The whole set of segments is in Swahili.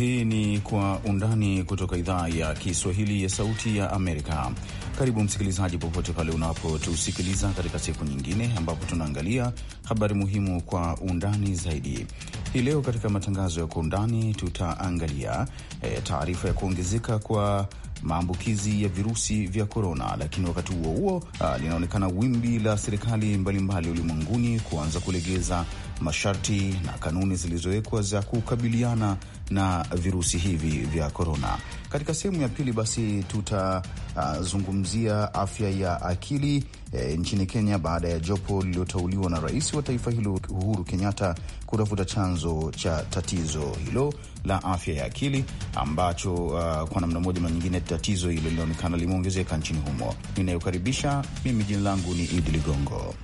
Hii ni Kwa Undani kutoka idhaa ya Kiswahili ya Sauti ya Amerika. Karibu msikilizaji, popote pale unapotusikiliza katika siku nyingine ambapo tunaangalia habari muhimu kwa undani zaidi. Hii leo katika matangazo ya Kwa Undani tutaangalia e, taarifa ya kuongezeka kwa maambukizi ya virusi vya korona, lakini wakati huo huo ah, linaonekana wimbi la serikali mbalimbali ulimwenguni kuanza kulegeza masharti na kanuni zilizowekwa za kukabiliana na virusi hivi vya korona. Katika sehemu ya pili basi tutazungumzia uh, afya ya akili e, nchini Kenya baada ya jopo lililoteuliwa na rais wa taifa hilo Uhuru Kenyatta kutafuta chanzo cha tatizo hilo la afya ya akili ambacho uh, kwa namna moja na nyingine tatizo hilo linaonekana limeongezeka nchini humo. Ninayokaribisha mimi, jina langu ni Idi Ligongo.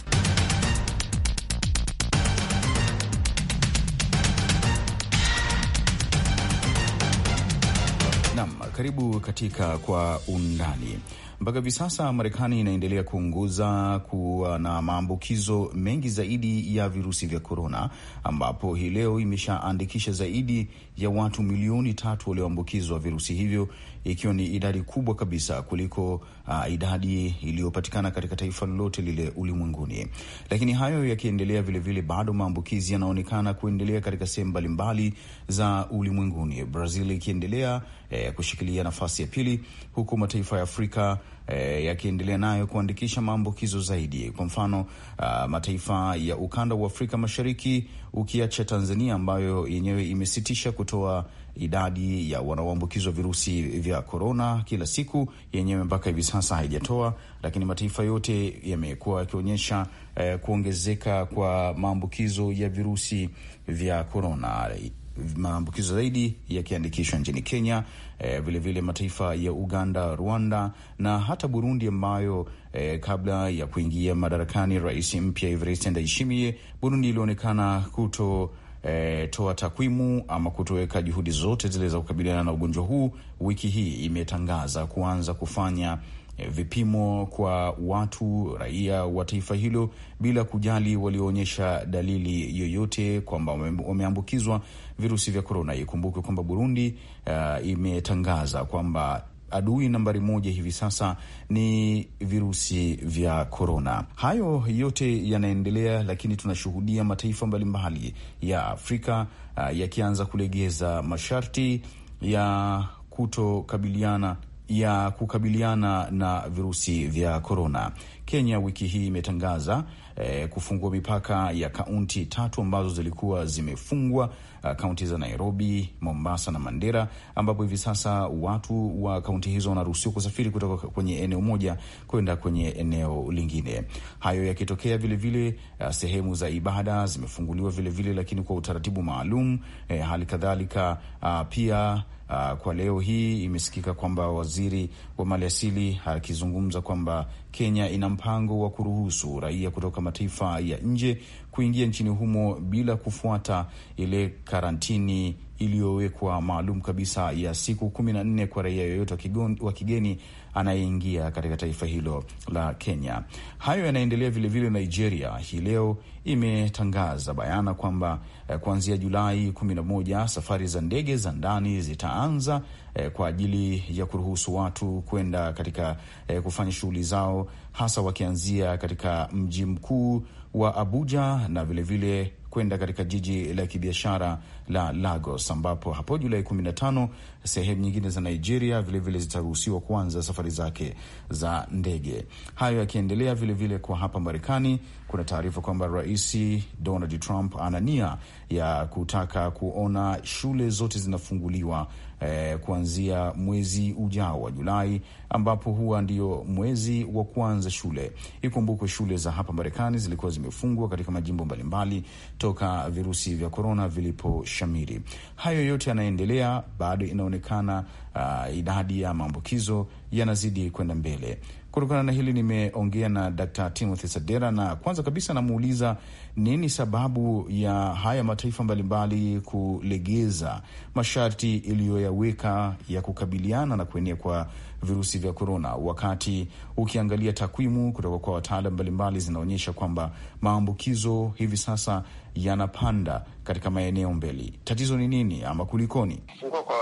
Karibu katika Kwa Undani. Mpaka hivi sasa Marekani inaendelea kuongoza kuwa na maambukizo mengi zaidi ya virusi vya korona, ambapo hii leo imeshaandikisha zaidi ya watu milioni tatu walioambukizwa virusi hivyo, ikiwa ni idadi kubwa kabisa kuliko uh, idadi iliyopatikana katika taifa lolote lile ulimwenguni. Lakini hayo yakiendelea, vilevile bado maambukizi yanaonekana kuendelea katika sehemu mbalimbali za ulimwenguni, Brazil ikiendelea eh, kushikilia nafasi ya pili, huku mataifa ya Afrika E, yakiendelea nayo kuandikisha maambukizo zaidi. Kwa mfano uh, mataifa ya ukanda wa Afrika Mashariki ukiacha Tanzania ambayo yenyewe imesitisha kutoa idadi ya wanaoambukizwa virusi vya korona kila siku yenyewe mpaka hivi sasa haijatoa, lakini mataifa yote yamekuwa yakionyesha eh, kuongezeka kwa maambukizo ya virusi vya korona maambukizo zaidi yakiandikishwa nchini Kenya, vilevile eh, vile mataifa ya Uganda, Rwanda na hata Burundi ambayo eh, kabla ya kuingia madarakani rais mpya Evariste Ndayishimiye, Burundi ilionekana kuto eh, toa takwimu ama kutoweka juhudi zote zile za kukabiliana na ugonjwa huu, wiki hii imetangaza kuanza kufanya e, vipimo kwa watu raia wa taifa hilo bila kujali walioonyesha dalili yoyote kwamba wameambukizwa virusi vya korona. Ikumbukwe kwamba Burundi uh, imetangaza kwamba adui nambari moja hivi sasa ni virusi vya korona. Hayo yote yanaendelea, lakini tunashuhudia mataifa mbalimbali ya Afrika uh, yakianza kulegeza masharti ya kutokabiliana ya kukabiliana na virusi vya korona, Kenya wiki hii imetangaza e, kufungua mipaka ya kaunti tatu ambazo zilikuwa zimefungwa, eh, kaunti za Nairobi, Mombasa na Mandera, ambapo hivi sasa watu wa kaunti hizo wanaruhusiwa kusafiri kutoka kwenye eneo moja kwenda kwenye eneo lingine. Hayo yakitokea vilevile, eh, sehemu za ibada zimefunguliwa vilevile, lakini kwa utaratibu maalum. E, hali kadhalika ah, pia Uh, kwa leo hii imesikika kwamba waziri wa maliasili akizungumza kwamba Kenya ina mpango wa kuruhusu raia kutoka mataifa ya nje kuingia nchini humo bila kufuata ile karantini iliyowekwa maalum kabisa ya siku kumi na nne kwa raia yoyote wa kigeni anayeingia katika taifa hilo la Kenya. Hayo yanaendelea vilevile. Nigeria hii leo imetangaza bayana kwamba eh, kuanzia Julai kumi na moja safari za ndege za ndani zitaanza eh, kwa ajili ya kuruhusu watu kwenda katika eh, kufanya shughuli zao hasa wakianzia katika mji mkuu wa Abuja na vilevile vile kwenda katika jiji la kibiashara la Lagos, ambapo hapo Julai 15 sehemu nyingine za Nigeria vilevile zitaruhusiwa kuanza safari zake za ndege. Hayo yakiendelea vilevile kwa hapa Marekani kuna taarifa kwamba Rais Donald Trump ana nia ya kutaka kuona shule zote zinafunguliwa eh, kuanzia mwezi ujao wa Julai, ambapo huwa ndio mwezi wa kuanza shule. Ikumbukwe shule za hapa Marekani zilikuwa zimefungwa katika majimbo mbalimbali toka virusi vya korona viliposhamiri. Hayo yote yanaendelea bado, inaonekana uh, idadi ya maambukizo yanazidi kwenda mbele. Kutokana na hili nimeongea na d Timothy Sadera, na kwanza kabisa namuuliza nini sababu ya haya mataifa mbalimbali kulegeza masharti iliyoyaweka ya kukabiliana na kuenea kwa virusi vya korona, wakati ukiangalia takwimu kutoka kwa wataalam mbalimbali zinaonyesha kwamba maambukizo hivi sasa yanapanda katika maeneo mbele. Tatizo ni nini ama kulikoni? kwa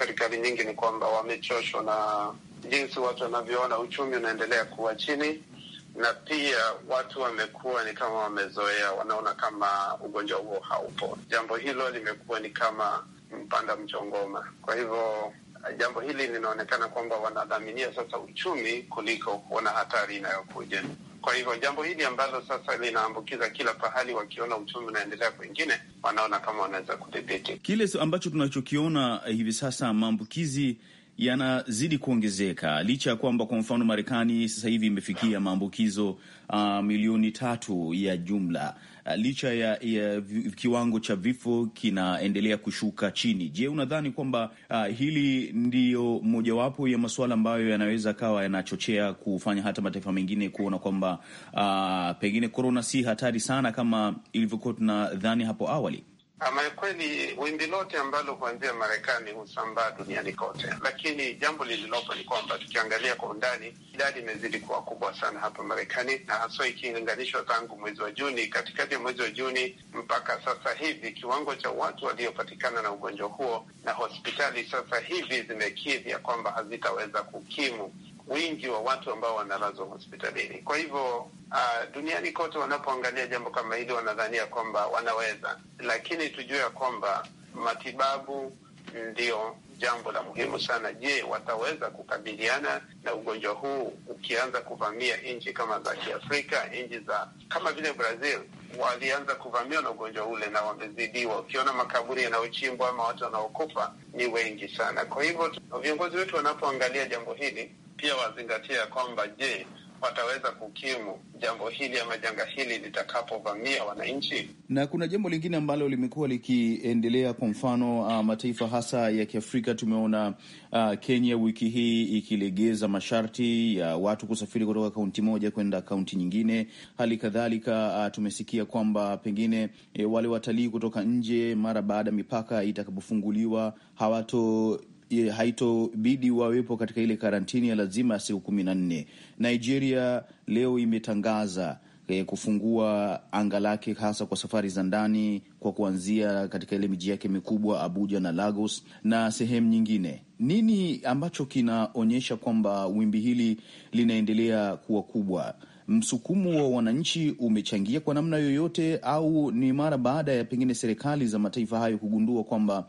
serikali nyingi ni kwamba wamechoshwa na jinsi watu wanavyoona uchumi unaendelea kuwa chini, na pia watu wamekuwa ni kama wamezoea, wanaona kama ugonjwa huo haupo. Jambo hilo limekuwa ni kama mpanda mchongoma. Kwa hivyo jambo hili linaonekana kwamba wanadhaminia sasa uchumi kuliko kuona hatari inayokuja. Kwa hivyo jambo hili ambalo sasa linaambukiza kila pahali, wakiona uchumi unaendelea kwengine, wanaona kama wanaweza kudhibiti kile ambacho tunachokiona eh, hivi sasa, maambukizi yanazidi kuongezeka licha ya kwamba kwa mfano Marekani sasa hivi imefikia maambukizo uh, milioni tatu ya jumla uh, licha ya, ya kiwango cha vifo kinaendelea kushuka chini. Je, unadhani kwamba uh, hili ndiyo mojawapo ya masuala ambayo yanaweza kawa yanachochea kufanya hata mataifa mengine kuona kwamba uh, pengine korona si hatari sana kama ilivyokuwa tunadhani hapo awali? Ama kweli wimbi lote ambalo kuanzia Marekani husambaa duniani kote, lakini jambo lililopo ni kwamba tukiangalia kwa undani, idadi imezidi kuwa kubwa sana hapa Marekani, na haswa ikilinganishwa tangu mwezi wa Juni, katikati ya mwezi wa Juni mpaka sasa hivi, kiwango cha watu waliopatikana na ugonjwa huo na hospitali sasa hivi zimekidhi ya kwamba hazitaweza kukimu wingi wa watu ambao wanalazwa hospitalini. Kwa hivyo uh, duniani kote wanapoangalia jambo kama hili wanadhania kwamba wanaweza, lakini tujue ya kwamba matibabu ndio jambo la muhimu sana. Je, wataweza kukabiliana na ugonjwa huu ukianza kuvamia nchi kama za Kiafrika, nchi za kama vile Brazil walianza kuvamiwa na ugonjwa ule na wamezidiwa. Ukiona makaburi yanayochimbwa ama watu wanaokufa ni wengi sana. Kwa hivyo viongozi wetu wanapoangalia jambo hili pia wazingatia ya kwamba je, wataweza kukimu jambo hili ama janga hili litakapovamia wananchi. Na kuna jambo lingine ambalo limekuwa likiendelea, kwa mfano uh, mataifa hasa ya Kiafrika. Tumeona uh, Kenya wiki hii ikilegeza masharti ya uh, watu kusafiri kutoka kaunti moja kwenda kaunti nyingine. Hali kadhalika uh, tumesikia kwamba pengine uh, wale watalii kutoka nje mara baada ya mipaka itakapofunguliwa hawato Eh, haitobidi wawepo katika ile karantini ya lazima ya siku kumi na nne. Nigeria leo imetangaza eh, kufungua anga lake hasa kwa safari za ndani kwa kuanzia katika ile miji yake mikubwa Abuja na Lagos na sehemu nyingine. Nini ambacho kinaonyesha kwamba wimbi hili linaendelea kuwa kubwa? msukumo wa wananchi umechangia kwa namna yoyote, au ni mara baada ya pengine serikali za mataifa hayo kugundua kwamba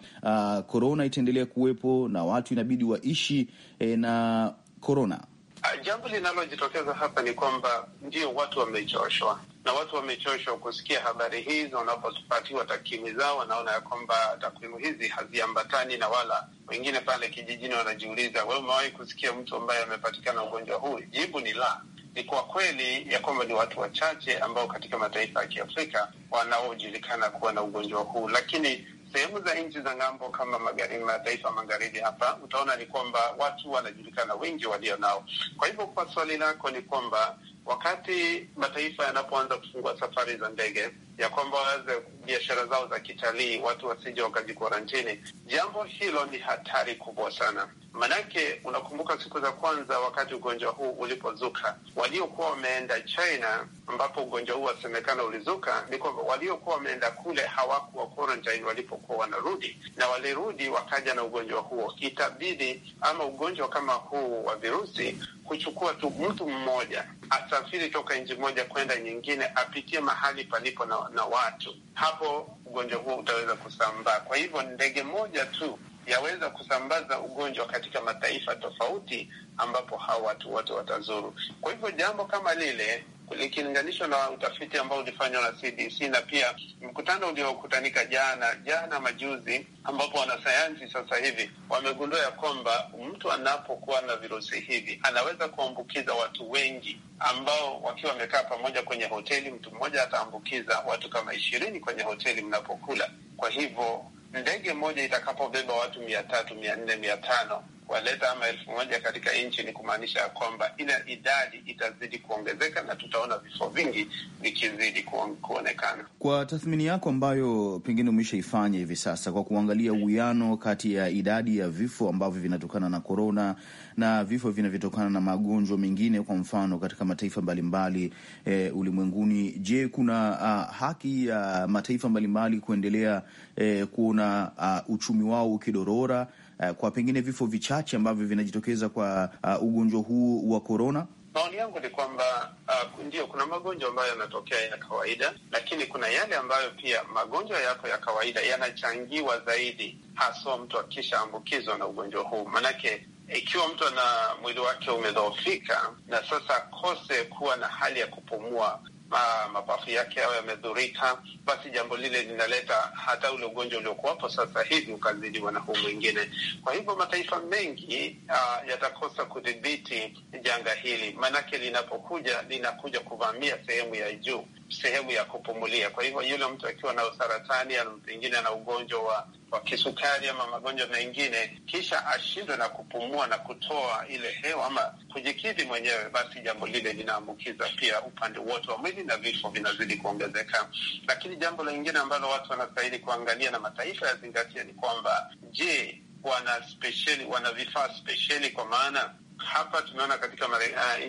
korona ah, uh, itaendelea kuwepo na watu inabidi waishi eh, na korona? Ah, jambo linalojitokeza hapa ni kwamba ndio watu wamechoshwa na watu wamechoshwa kusikia habari hizi. Wanapopatiwa takwimu zao, wanaona ya kwamba takwimu hizi haziambatani na wala wengine pale kijijini wanajiuliza, we umewahi kusikia mtu ambaye amepatikana ugonjwa huu? Jibu ni la ni kwa kweli ya kwamba ni watu wachache ambao katika mataifa ya Kiafrika wanaojulikana kuwa na ugonjwa huu, lakini sehemu za nchi za ng'ambo kama magharibi, mataifa magharibi hapa, utaona ni kwamba watu wanajulikana wengi walio nao. Kwa hivyo kwa swali lako ni kwamba wakati mataifa yanapoanza kufungua safari za ndege, ya kwamba waweze biashara zao za kitalii, watu wasije wakajikwarantini, jambo hilo ni hatari kubwa sana. Manake unakumbuka siku za kwanza wakati ugonjwa huu ulipozuka, waliokuwa wameenda China ambapo ugonjwa huu wasemekana ulizuka, ni kwamba waliokuwa wameenda kule hawakuwa quarantine walipokuwa wanarudi, na walirudi wakaja na ugonjwa huo. Itabidi ama ugonjwa kama huu wa virusi kuchukua tu mtu mmoja asafiri toka nchi moja kwenda nyingine, apitie mahali palipo na, na watu, hapo ugonjwa huo utaweza kusambaa. Kwa hivyo ndege moja tu yaweza kusambaza ugonjwa katika mataifa tofauti ambapo hawa watu wote watazuru. Kwa hivyo jambo kama lile likilinganishwa na utafiti ambao ulifanywa na CDC na pia mkutano uliokutanika jana jana majuzi, ambapo wanasayansi sasa hivi wamegundua ya kwamba mtu anapokuwa na virusi hivi anaweza kuambukiza watu wengi ambao wakiwa wamekaa pamoja kwenye hoteli, mtu mmoja ataambukiza watu kama ishirini kwenye hoteli mnapokula. Kwa hivyo ndege moja itakapobeba watu mia tatu mia nne mia tano waleta ama elfu moja katika nchi, ni kumaanisha ya kwamba ile idadi itazidi kuongezeka na tutaona vifo vingi vikizidi kuonekana. Kwa tathmini yako ambayo pengine umeshaifanya hivi sasa, kwa kuangalia uwiano kati ya idadi ya vifo ambavyo vinatokana na korona na vifo vinavyotokana na magonjwa mengine, kwa mfano katika mataifa mbalimbali e, ulimwenguni, je, kuna uh, haki ya mataifa mbalimbali kuendelea e, kuona uh, uchumi wao ukidorora Eh, kwa pengine vifo vichache ambavyo vinajitokeza kwa uh, ugonjwa huu wa korona? Maoni yangu ni kwamba uh, ndio kuna magonjwa ambayo yanatokea ya kawaida, lakini kuna yale ambayo pia magonjwa yako ya kawaida yanachangiwa zaidi, haswa mtu akishaambukizwa na ugonjwa huu. Maanake ikiwa mtu ana mwili wake umedhoofika na sasa akose kuwa na hali ya kupumua Ah, mapafu yake ao yamedhurika, basi jambo lile linaleta hata ule ugonjwa uliokuwapo sasa hivi ukazidiwa na huu mwingine. Kwa hivyo mataifa mengi uh, yatakosa kudhibiti janga hili, maanake linapokuja linakuja kuvamia sehemu ya juu sehemu ya kupumulia. Kwa hivyo yule mtu akiwa na saratani, pengine na ugonjwa wa, wa kisukari ama magonjwa mengine, kisha ashindwe na kupumua na kutoa ile hewa ama kujikidhi mwenyewe, basi jambo lile linaambukiza pia upande wote wa mwili na vifo vinazidi kuongezeka. Lakini jambo lingine ambalo watu wanastahili kuangalia na mataifa yazingatia ni kwamba, je, wana spesheli, wana vifaa spesheli? Kwa maana hapa tumeona katika uh,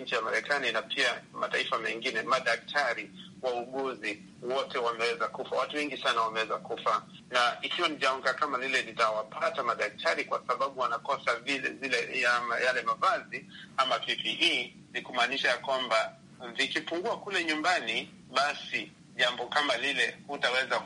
nchi ya Marekani na pia mataifa mengine madaktari wauguzi wote wameweza kufa, watu wengi sana wameweza kufa, na ikiwa ni janga kama lile litawapata madaktari, kwa sababu wanakosa vile zile yale mavazi ama PPE, ni kumaanisha ya kwamba vikipungua kule nyumbani, basi jambo kama lile hutaweza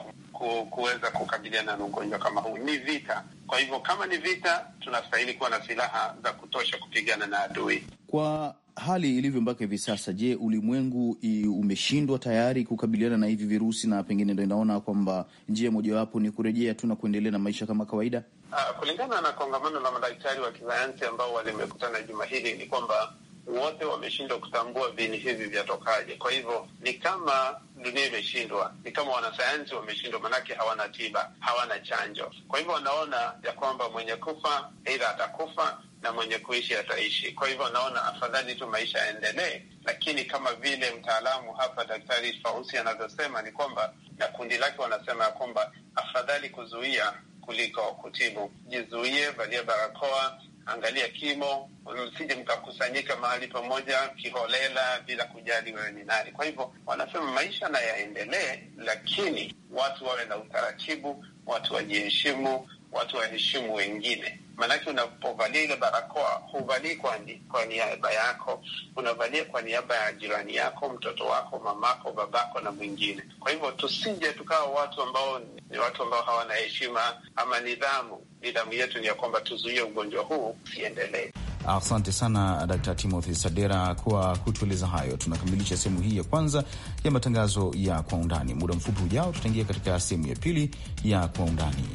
kuweza kukabiliana na ugonjwa kama huu. Ni vita, kwa hivyo kama ni vita, tunastahili kuwa na silaha za kutosha kupigana na adui kwa hali ilivyo mpaka hivi sasa, je, ulimwengu umeshindwa tayari kukabiliana na hivi virusi na pengine ndo inaona kwamba njia mojawapo ni kurejea tu na kuendelea na maisha kama kawaida? Uh, kulingana na kongamano la madaktari wa kisayansi ambao walimekutana juma hili ni kwamba wote wameshindwa kutambua viini hivi vyatokaje. Kwa hivyo ni kama dunia imeshindwa, ni kama wanasayansi wameshindwa, maanake hawana tiba, hawana chanjo. Kwa hivyo wanaona ya kwamba mwenye kufa aidha atakufa na mwenye kuishi ataishi. Kwa hivyo naona afadhali tu maisha yaendelee, lakini kama vile mtaalamu hapa Daktari Fausi anavyosema ni kwamba, na kundi lake wanasema ya kwamba afadhali kuzuia kuliko kutibu. Jizuie, valia barakoa, angalia kimo, msije mkakusanyika mahali pamoja kiholela bila kujali wewe ni nani. Kwa hivyo wanasema maisha na yaendelee, lakini watu wawe na utaratibu, watu wajiheshimu, watu waheshimu wengine. Maanake unapovalia ile barakoa huvalii kwa, kwa niaba yako, unavalia kwa niaba ya jirani yako, mtoto wako, mamako, babako na mwingine. Kwa hivyo tusije tukawa watu ambao ni watu ambao hawana heshima ama nidhamu. Nidhamu yetu ni ya kwamba tuzuie ugonjwa huu usiendelee. Asante sana Dr. Timothy Sadera kwa kutueleza hayo. Tunakamilisha sehemu hii ya kwanza ya matangazo ya Kwa Undani. Muda mfupi ujao, tutaingia katika sehemu ya pili ya Kwa Undani.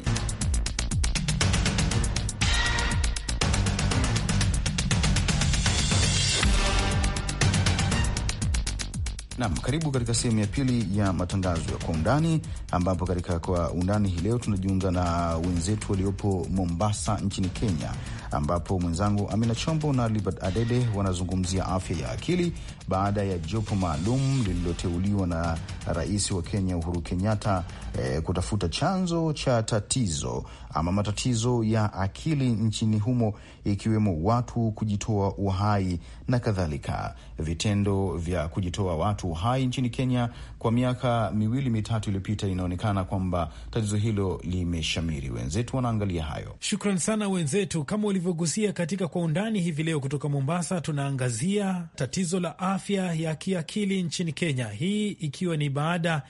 Nam, karibu katika sehemu ya pili ya matangazo ya kwa undani, ambapo katika kwa undani hii leo tunajiunga na wenzetu waliopo Mombasa nchini Kenya, ambapo mwenzangu Amina Chombo na Libert Adede wanazungumzia afya ya akili baada ya jopo maalum lililoteuliwa na rais wa Kenya Uhuru Kenyatta eh, kutafuta chanzo cha tatizo ama matatizo ya akili nchini humo, ikiwemo watu kujitoa uhai na kadhalika. Vitendo vya kujitoa watu uhai nchini Kenya kwa miaka miwili mitatu iliyopita, inaonekana kwamba tatizo hilo limeshamiri. Wenzetu wanaangalia hayo. Shukran sana wenzetu, kama ulivyogusia katika kwa undani hivi leo. Kutoka Mombasa tunaangazia tatizo la afya ya kiakili nchini Kenya, hii ikiwa ni baada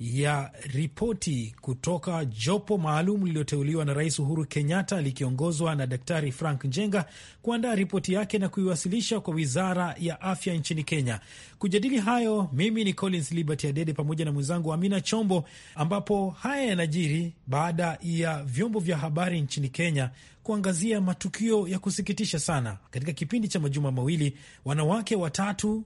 ya ripoti kutoka jopo maalum lililoteuliwa na Rais Uhuru Kenyatta likiongozwa na Daktari Frank Njenga kuandaa ripoti yake na kuiwasilisha kwa Wizara ya Afya nchini Kenya. Kujadili hayo, mimi ni Collins Liberty Adede pamoja na mwenzangu Amina Chombo, ambapo haya yanajiri baada ya vyombo vya habari nchini Kenya kuangazia matukio ya kusikitisha sana katika kipindi cha majuma mawili, wanawake watatu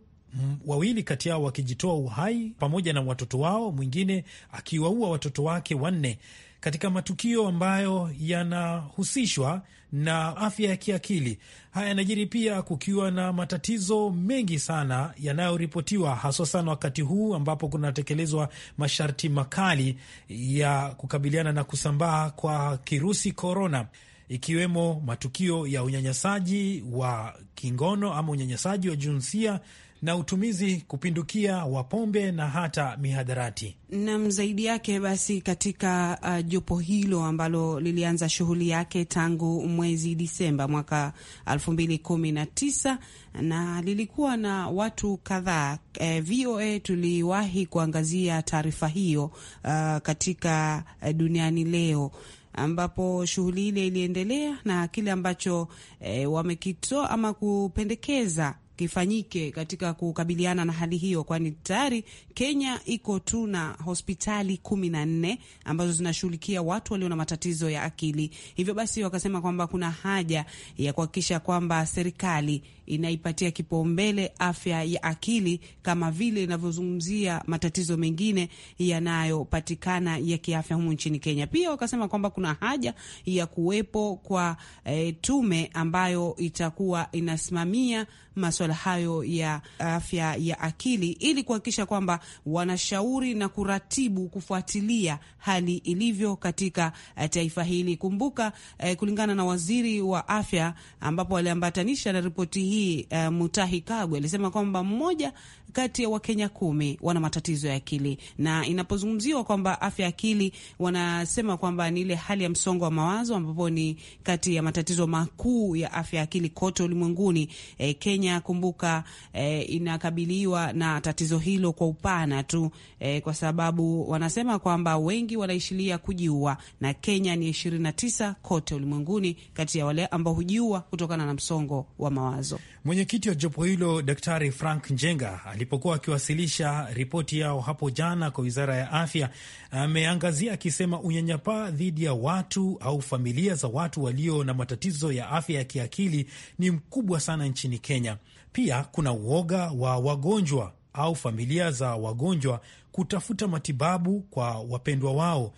wawili kati yao wakijitoa uhai pamoja na watoto wao, mwingine akiwaua watoto wake wanne katika matukio ambayo yanahusishwa na afya ya kiakili. Haya yanajiri pia kukiwa na matatizo mengi sana yanayoripotiwa, haswa sana wakati huu ambapo kunatekelezwa masharti makali ya kukabiliana na kusambaa kwa kirusi korona, ikiwemo matukio ya unyanyasaji wa kingono ama unyanyasaji wa jinsia na utumizi kupindukia wa pombe na hata mihadarati. Nam zaidi yake basi, katika uh, jopo hilo ambalo lilianza shughuli yake tangu mwezi Disemba mwaka 2019 na lilikuwa na watu kadhaa. E, eh, VOA tuliwahi kuangazia taarifa hiyo uh, katika eh, Duniani Leo ambapo shughuli ile iliendelea na kile ambacho e, wamekitoa ama kupendekeza kifanyike katika kukabiliana na hali hiyo, kwani tayari Kenya iko tu na hospitali kumi na nne ambazo zinashughulikia watu walio na matatizo ya akili. Hivyo basi wakasema kwamba kuna haja ya kuhakikisha kwamba serikali inaipatia kipaumbele afya ya akili kama vile inavyozungumzia matatizo mengine yanayopatikana ya kiafya humu nchini Kenya. Pia wakasema kwamba kuna haja ya kuwepo kwa e, tume ambayo itakuwa inasimamia maswa maswala hayo ya afya ya akili ili kuhakikisha kwamba wanashauri na kuratibu kufuatilia hali ilivyo katika eh, taifa hili. Kumbuka eh, kulingana na waziri wa afya ambapo aliambatanisha na ripoti hii eh, Mutahi Kagwe alisema kwamba mmoja kati ya Wakenya kumi wana matatizo ya akili, na inapozungumziwa kwamba afya ya akili, wanasema kwamba ni ile hali ya msongo wa mawazo, ambapo ni kati ya matatizo makuu ya afya ya akili kote ulimwenguni. E, Kenya kumbuka, e, inakabiliwa na tatizo hilo kwa upana tu, e, kwa sababu wanasema kwamba wengi wanaishilia kujiua, na Kenya ni ishirini na tisa kote ulimwenguni kati ya wale ambao hujiua kutokana na msongo wa mawazo. Mwenyekiti wa jopo hilo Daktari Frank Njenga ali walipokuwa wakiwasilisha ripoti yao hapo jana kwa wizara ya afya, ameangazia akisema unyanyapaa dhidi ya watu au familia za watu walio na matatizo ya afya ya kiakili ni mkubwa sana nchini Kenya. Pia kuna uoga wa wagonjwa au familia za wagonjwa kutafuta matibabu kwa wapendwa wao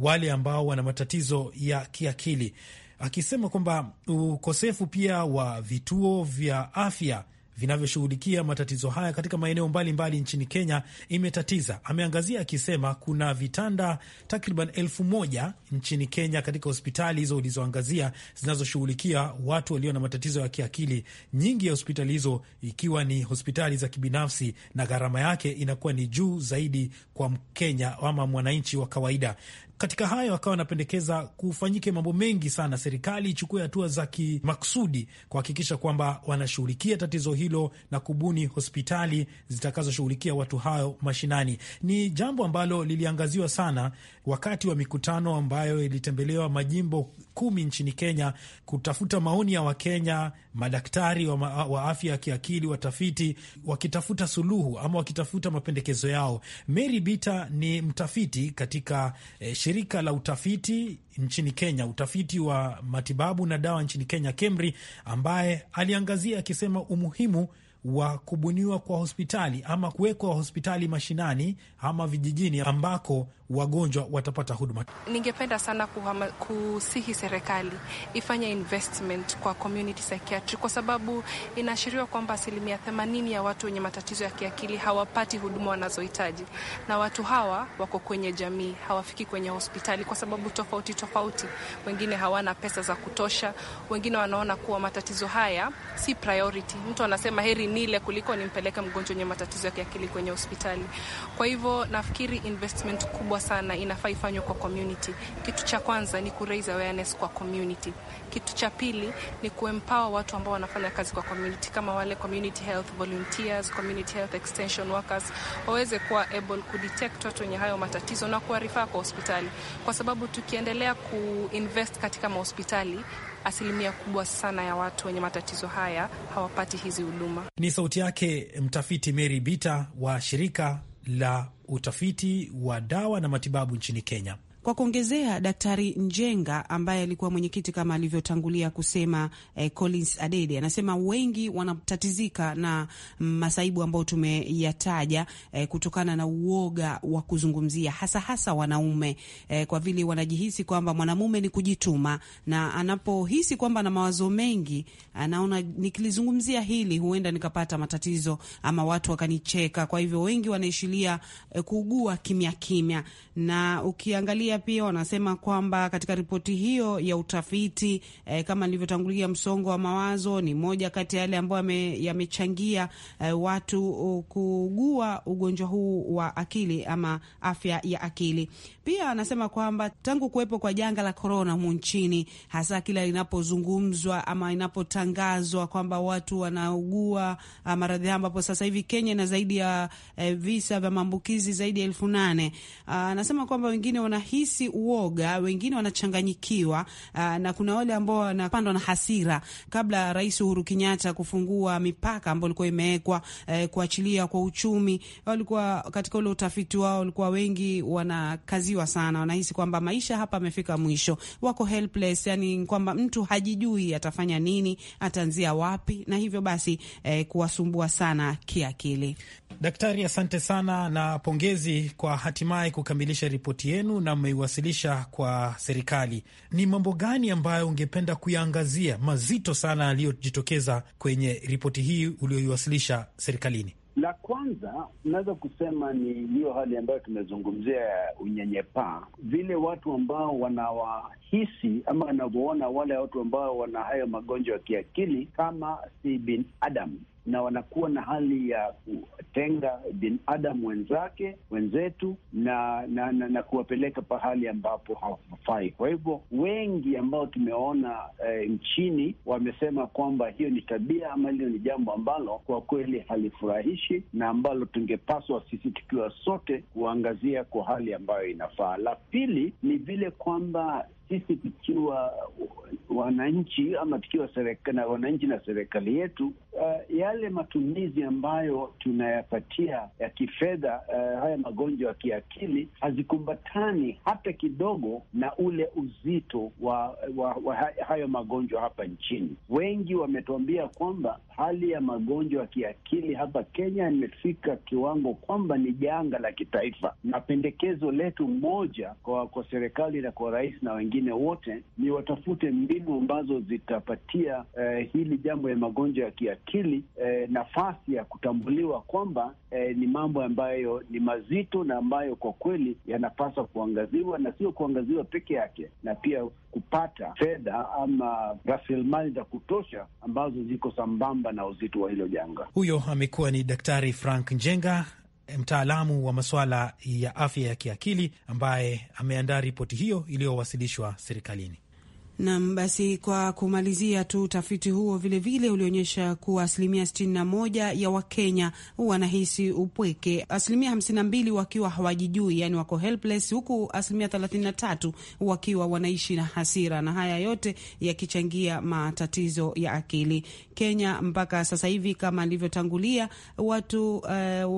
wale ambao wana matatizo ya kiakili, akisema kwamba ukosefu pia wa vituo vya afya vinavyoshughulikia matatizo haya katika maeneo mbalimbali nchini Kenya imetatiza. Ameangazia akisema kuna vitanda takriban elfu moja nchini Kenya katika hospitali hizo ulizoangazia zinazoshughulikia watu walio na matatizo ya kiakili, nyingi ya hospitali hizo ikiwa ni hospitali za kibinafsi, na gharama yake inakuwa ni juu zaidi kwa Mkenya ama mwananchi wa kawaida. Katika hayo akawa anapendekeza kufanyike mambo mengi sana, serikali ichukue hatua za kimakusudi kuhakikisha kwamba wanashughulikia tatizo hilo na kubuni hospitali zitakazoshughulikia watu hao mashinani. Ni jambo ambalo liliangaziwa sana wakati wa mikutano ambayo ilitembelewa majimbo kumi nchini Kenya kutafuta maoni ya Wakenya, madaktari wa, ma, wa afya ya kiakili, watafiti wakitafuta suluhu ama wakitafuta mapendekezo yao. Mary Bita ni mtafiti katika eh, shirika la utafiti nchini Kenya, utafiti wa matibabu na dawa nchini Kenya, KEMRI, ambaye aliangazia akisema umuhimu wa kubuniwa kwa hospitali ama kuwekwa hospitali mashinani ama vijijini ambako wagonjwa watapata huduma. Ningependa sana kuhama, kusihi serikali ifanye investment kwa community psychiatry kwa sababu inaashiriwa kwamba asilimia themanini ya watu wenye matatizo ya kiakili hawapati huduma wanazohitaji, na watu hawa wako kwenye jamii, hawafiki kwenye hospitali kwa sababu tofauti tofauti. Wengine hawana pesa za kutosha, wengine wanaona kuwa matatizo haya si priority. Mtu anasema heri nile kuliko nimpeleke mgonjwa wenye matatizo ya kiakili kwenye hospitali. Kwa hivyo nafikiri investment kubwa kubwa sana inafaa ifanywe kwa community. Kitu cha kwanza ni kuraise awareness kwa community. Kitu cha pili ni kuempower watu ambao wanafanya kazi kwa community kama wale community health volunteers, community health extension workers waweze kuwa able ku detect watu wenye hayo matatizo na kuwarifaa kwa hospitali, kwa sababu tukiendelea kuinvest katika mahospitali asilimia kubwa sana ya watu wenye matatizo haya hawapati hizi huduma. Ni sauti yake mtafiti Mary Bita wa shirika la utafiti wa dawa na matibabu nchini Kenya. Kwa kuongezea, Daktari Njenga ambaye alikuwa mwenyekiti kama alivyotangulia kusema eh, Collins Adede anasema wengi wanatatizika na masaibu ambayo tumeyataja eh, kutokana na uoga wa kuzungumzia hasa hasa wanaume eh, kwa vile wanajihisi kwamba mwanamume ni kujituma, na anapohisi kwamba na mawazo mengi anaona nikilizungumzia hili huenda nikapata matatizo ama watu wakanicheka. Kwa hivyo wengi wanaishilia eh, kuugua kimya kimya, na ukiangalia Wanasheria pia wanasema kwamba katika ripoti hiyo ya utafiti eh, kama nilivyotangulia, msongo wa mawazo ni moja kati ya yale ambayo yamechangia eh, watu uh, kuugua ugonjwa huu wa akili ama afya ya akili. Pia anasema kwamba tangu kuwepo kwa janga la korona humu nchini, hasa kila linapozungumzwa ama inapotangazwa kwamba watu wanaugua ah, maradhi hayo, ambapo sasa hivi Kenya ina zaidi ya eh, visa vya maambukizi zaidi ya elfu nane ah, anasema kwamba wengine wanahisi wanahisi uoga, wengine wanachanganyikiwa, uh, na kuna wale ambao wanapandwa na hasira kabla Rais Uhuru Kenyatta kufungua mipaka ambayo ilikuwa imewekwa eh, kuachilia kwa uchumi. Walikuwa katika ule utafiti wao, walikuwa wengi wanakaziwa sana, wanahisi kwamba maisha hapa amefika mwisho, wako helpless, yani kwamba mtu hajijui atafanya nini, ataanzia wapi, na hivyo basi eh, kuwasumbua sana kiakili. Daktari, asante sana na pongezi kwa hatimaye kukamilisha ripoti yenu na umeiwasilisha kwa serikali. Ni mambo gani ambayo ungependa kuyaangazia mazito sana yaliyojitokeza kwenye ripoti hii ulioiwasilisha serikalini? La kwanza unaweza kusema ni hiyo hali ambayo tumezungumzia ya unyenyepaa vile watu ambao wanawahisi ama wanavyoona wale watu ambao wana hayo magonjwa ya kiakili kama si binadamu na wanakuwa na hali ya kutenga binadamu wenzake wenzetu na na, na, na kuwapeleka pahali ambapo hawafai. Kwa hivyo wengi ambao tumeona eh, nchini wamesema kwamba hiyo ni tabia ama hilo ni jambo ambalo kwa kweli halifurahishi na ambalo tungepaswa sisi tukiwa sote kuangazia kwa hali ambayo inafaa. La pili ni vile kwamba sisi tukiwa wananchi ama tukiwa na wananchi na serikali yetu, uh, yale matumizi ambayo tunayapatia ya kifedha uh, haya magonjwa ya kiakili hazikumbatani hata kidogo na ule uzito wa, wa, wa hayo magonjwa hapa nchini. Wengi wametuambia kwamba hali ya magonjwa ya kiakili hapa Kenya imefika kiwango kwamba ni janga la kitaifa, na pendekezo letu moja kwa, kwa serikali na kwa rais na wengine wengine wote ni watafute mbinu ambazo zitapatia eh, hili jambo ya magonjwa ya kiakili eh, nafasi ya kutambuliwa kwamba eh, ni mambo ambayo ni mazito na ambayo kwa kweli yanapaswa kuangaziwa na sio kuangaziwa peke yake, na pia kupata fedha ama rasilimali za kutosha ambazo ziko sambamba na uzito wa hilo janga. Huyo amekuwa ni Daktari Frank Njenga mtaalamu wa masuala ya afya ya kiakili ambaye ameandaa ripoti hiyo iliyowasilishwa serikalini. Nam, basi kwa kumalizia tu utafiti huo vilevile ulionyesha kuwa asilimia 61 ya Wakenya wanahisi upweke, asilimia 52 wakiwa hawajijui, yani wako helpless, huku asilimia 33 wakiwa wanaishi na hasira, na haya yote yakichangia matatizo ya akili. Kenya mpaka sasa hivi kama alivyotangulia watu uh,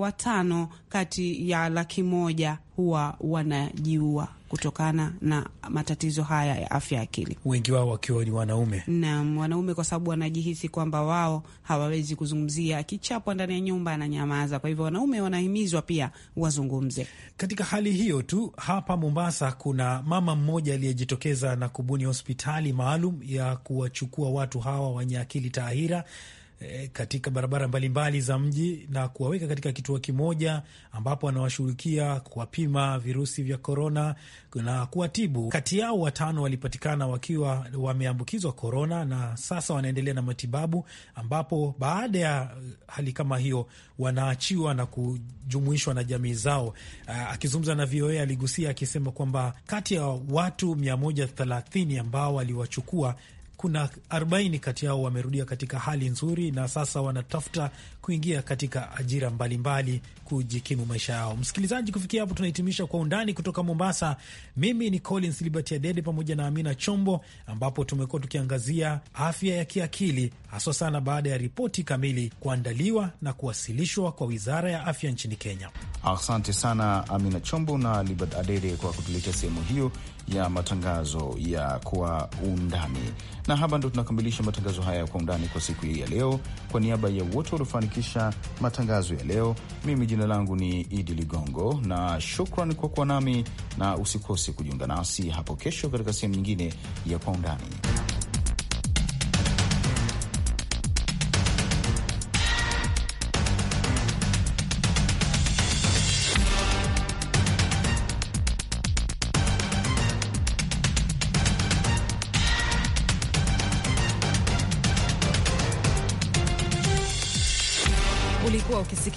watano kati ya laki moja huwa wanajiua kutokana na matatizo haya ya afya ya akili, wengi wao wakiwa ni wanaume. Naam, wanaume kwa sababu wanajihisi kwamba wao hawawezi kuzungumzia, akichapwa ndani ya nyumba ananyamaza. Kwa hivyo wanaume wanahimizwa pia wazungumze. Katika hali hiyo tu, hapa Mombasa kuna mama mmoja aliyejitokeza na kubuni hospitali maalum ya kuwachukua watu hawa wenye akili taahira Eh, katika barabara mbalimbali za mji na kuwaweka katika kituo kimoja ambapo wanawashughulikia kuwapima virusi vya korona na kuwatibu. Kati yao watano walipatikana wakiwa wameambukizwa korona na sasa wanaendelea na matibabu, ambapo baada ya eh, hali kama hiyo wanaachiwa na kujumuishwa na jamii zao. Eh, akizungumza na VOA aligusia akisema kwamba kati ya watu 130 ambao waliwachukua kuna 40 kati yao wamerudia katika hali nzuri, na sasa wanatafuta kuingia katika ajira mbalimbali kujikimu maisha yao. Msikilizaji, kufikia hapo tunahitimisha Kwa Undani kutoka Mombasa. Mimi ni Collins Liberty Adede pamoja na Amina Chombo, ambapo tumekuwa tukiangazia afya ya kiakili haswa sana baada ya ripoti kamili kuandaliwa na kuwasilishwa kwa Wizara ya Afya nchini Kenya. Asante sana Amina Chombo na Liberty Adede kwa kutuletea sehemu hiyo ya matangazo ya kwa undani, na hapa ndo tunakamilisha matangazo haya ya kwa undani kwa siku hii ya leo. Kwa niaba ya wote waliofanikisha matangazo ya leo, mimi jina langu ni Idi Ligongo na shukran kwa kuwa nami, na usikose kujiunga nasi hapo kesho katika sehemu nyingine ya kwa undani.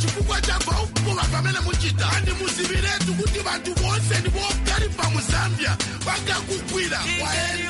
pachipukwa chabva upukurwa pamene muchida handimuziviretu kuti vanthu vose ndivogari pamuzambia vangakukwira waeri